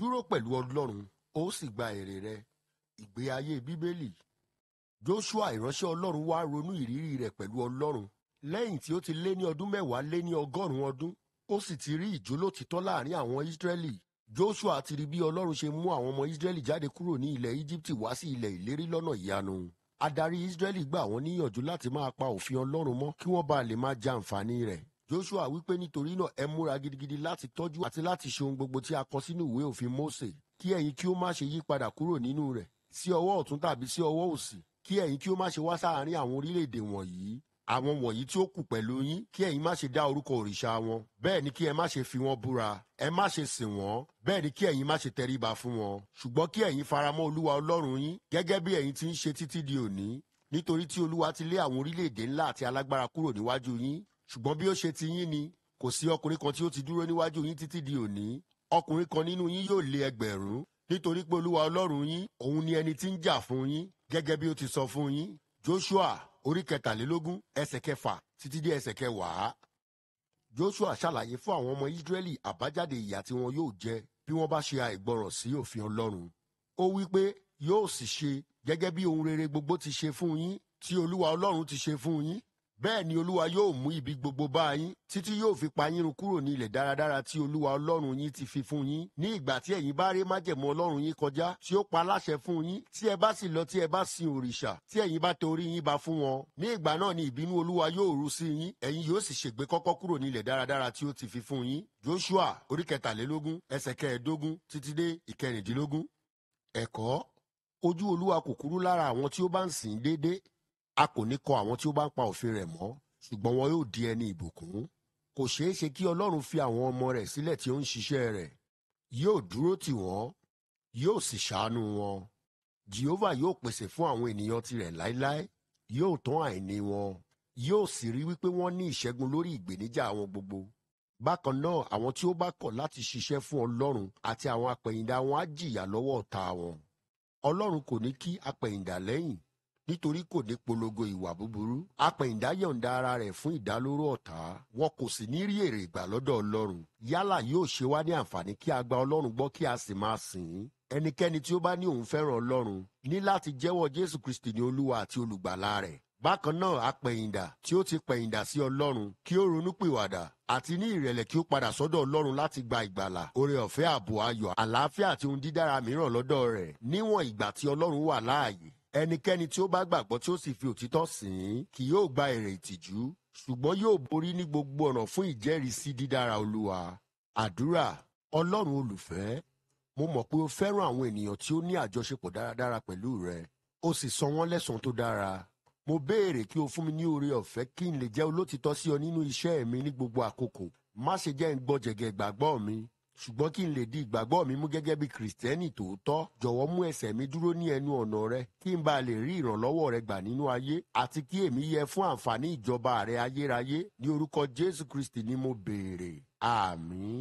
dúró pẹ̀lú ọlọ́run ó sì gba èrè rẹ ìgbé ayé bíbélì joshua ìránṣẹ́ ọlọ́run wá ronú ìrírí rẹ̀ pẹ̀lú ọlọ́run lẹ́yìn tí ó ti lé ní ọdún mẹ́wàá lé ní ọgọ́rùn-ún ọdún ó sì ti rí ìjólótìtọ́ láàrin àwọn israẹli joshua ti rí bí ọlọ́run ṣe mú àwọn ọmọ israẹli jáde kúrò ní ilẹ̀ egypt wá sí ilẹ̀ ìlérí lọ́nà ìyanu adarí israẹli gbà wọ́n níyànjú láti máa pa òfin ọlọ́run mọ́ kí wọ́n bá lè máa jàǹfààní rẹ̀ Joshua wípé nítorí náà ẹ múra gidigidi láti tọ́jú àti láti ṣe ohun gbogbo tí a kọ sínú ìwé òfin Mósè kí ẹ̀yin kí ó má ṣe yí padà kúrò nínú rẹ̀ sí ọwọ́ ọ̀tún tàbí sí ọwọ́ òsì kí ẹ̀yin kí ó má ṣe wá sáàárín àwọn orílẹ̀-èdè wọ̀nyí àwọn wọ̀nyí tí ó kù pẹ̀lú yín kí ẹ̀yin má ṣe dá orúkọ òrìṣà wọn bẹ́ẹ̀ ni kí ẹ má ṣe fi wọn búra ẹ má ṣe sìn wọ́n bẹ́ẹ̀ ni kí ẹ̀yin má ṣe tẹríba fún wọn ṣùgbọ́n kí ẹ̀yin faramọ́ olúwa ọlọ́run yín gẹ́gẹ́ bí ẹ̀yin ti ń ṣe títí di òní nítorí tí olúwa ti lé àwọn orílẹ̀-èdè ńlá àti alágbára kúrò níwájú yín ṣùgbọ́n bí ó ṣe ti yín ni kò sí ọkùnrin kan tí ó ti dúró níwájú yín títí di òní ọkùnrin kan nínú yín yóò lé ẹgbẹ̀rún nítorí pé olúwa ọlọ́run yín òun ni ẹni tí ń jà fún yín gẹ́gẹ́ bí ó ti sọ fún yín joshua orí kẹtàlélógún ẹsẹ̀ kẹfà títí dé ẹsẹ̀ kẹwàá joshua ṣàlàyé fún àwọn ọmọ Israeli àbájáde ìyà tí wọn yóò jẹ bí wọn bá ṣe àìgbọràn sí òfin ọlọ́run ó wí pé yóò sì ṣe gẹ́gẹ́ bí ohun rere gbogbo ti ṣe fún yín tí olúwa ọlọ́run ti ṣe fún yín bẹ́ẹ̀ ni olúwa yóò mú ibi gbogbo bá yín títí yóò fi pa yín run kúrò ní ilẹ̀ dáradára tí olúwa ọlọ́run yín ti fi fún yín ní ìgbà tí ẹ̀yin bá ré májẹ̀mú ọlọ́run yín kọjá tí ó pa láṣẹ fún yín tí ẹ bá sì lọ tí ẹ bá sin òrìṣà tí ẹ̀yin bá torí yín ba fún wọn ní ìgbà náà ni ìbínú olúwa yóò ru sí yín ẹ̀yin yóò sì ṣègbé kọ́kọ́ kúrò ní ilẹ̀ dáradára tí ó ti fi fún yín joshua orí kẹtàlélógún ẹsẹ̀ kẹẹ̀ẹ́dógún títí dé ìkẹrìndínlógún ẹ̀kọ́ ojú olúwa kò kúrú lára àwọn tí ó bá ń sìn déédéé a kò ní kọ àwọn tí ó bá ń pa òfin rẹ̀ mọ́ ṣùgbọ́n wọn yóò di ẹni ìbùkún kò ṣeé ṣe kí ọlọ́run fi àwọn ọmọ rẹ̀ sílẹ̀ tí ó ń ṣiṣẹ́ rẹ̀ yóò dúró tì wọ́n yóò sì ṣàánú wọn jehova yóò pèsè fún àwọn ènìyàn tirẹ̀ láéláé yóò tán àìní wọn yóò sì rí wípé wọ́n ní ìṣẹ́gun lórí ìgbèníjà àwọn gbogbo bákan náà àwọn tí ó bá kọ̀ láti ṣiṣẹ́ fún ọlọ́run àti àwọn apẹ̀yìndà wọn á jìyà lọ́wọ́ ọ̀tá wọn ọlọ́run kò ní kí apẹ̀yìndà lẹ́yìn nítorí kò ní polongo ìwà búburú apẹ̀yìndá yọ̀ǹda ara rẹ̀ fún ìdálóró ọ̀tá wọn kò sì ní rí èrè ìgbà lọ́dọ̀ ọlọ́run yálà yóò ṣe wá ní àǹfààní kí a gba ọlọ́run gbọ́ kí a sì máa sìn ín ẹnikẹ́ni tí ó bá ní òun fẹ́ràn ọlọ́run ní láti jẹ́wọ́ jésù kristi ní olúwa àti olùgbàlà rẹ̀ bákan náà apẹ̀yìndà tí ó ti pẹ̀yìndà sí ọlọ́run kí ó ronúpìwàdà àti ní ìrẹ̀lẹ̀ kí ó padà sọ́dọ̀ ọlọ́run láti gba ìgbàlà oore ọ̀fẹ́ ààbò ayọ̀ àlàáfíà àti ohun dídára mìíràn lọ́dọ̀ rẹ̀ níwọ̀n ìgbà tí ọlọ́run wà láàyè ẹnikẹ́ni tí ó bá gbàgbọ́ tí ó sì fi òtítọ́ sìn ín kì yóò gba èrè ìtìjú ṣùgbọ́n yóò borí ní gbogbo ọ̀nà fún ìjẹ́rìísí dídára olúwa àdúrà ọlọ́run olùfẹ́ mo mọ̀ pé o fẹ́ràn àwọn ènìyàn tí ó ní àjọṣepọ̀ dáradára pẹ̀lú rẹ o sì san wọ́n lẹ́san tó dára mo béèrè kí o fún mi ní oore ọ̀fẹ́ kí n lè jẹ́ olótìtọ́ sí ọ nínú iṣẹ́ mi ní gbogbo àkókò má ṣe jẹ́ n gbọ́ jẹ̀gẹ̀ ìgbàgbọ́ mi ṣùgbọ́n kí n lè di ìgbàgbọ́ mi mú gẹ́gẹ́ bí kìrìsìtẹ́nì tòótọ́ jọ̀wọ́ mú ẹsẹ̀ mi dúró ní ẹnu ọ̀nà rẹ kí n bá lè rí ìrànlọ́wọ́ rẹ gbà nínú ayé àti kí èmi yẹ fún àǹfààní ìjọba rẹ ayérayé ní orúkọ Jésù Kristi ni mo béèrè àmín.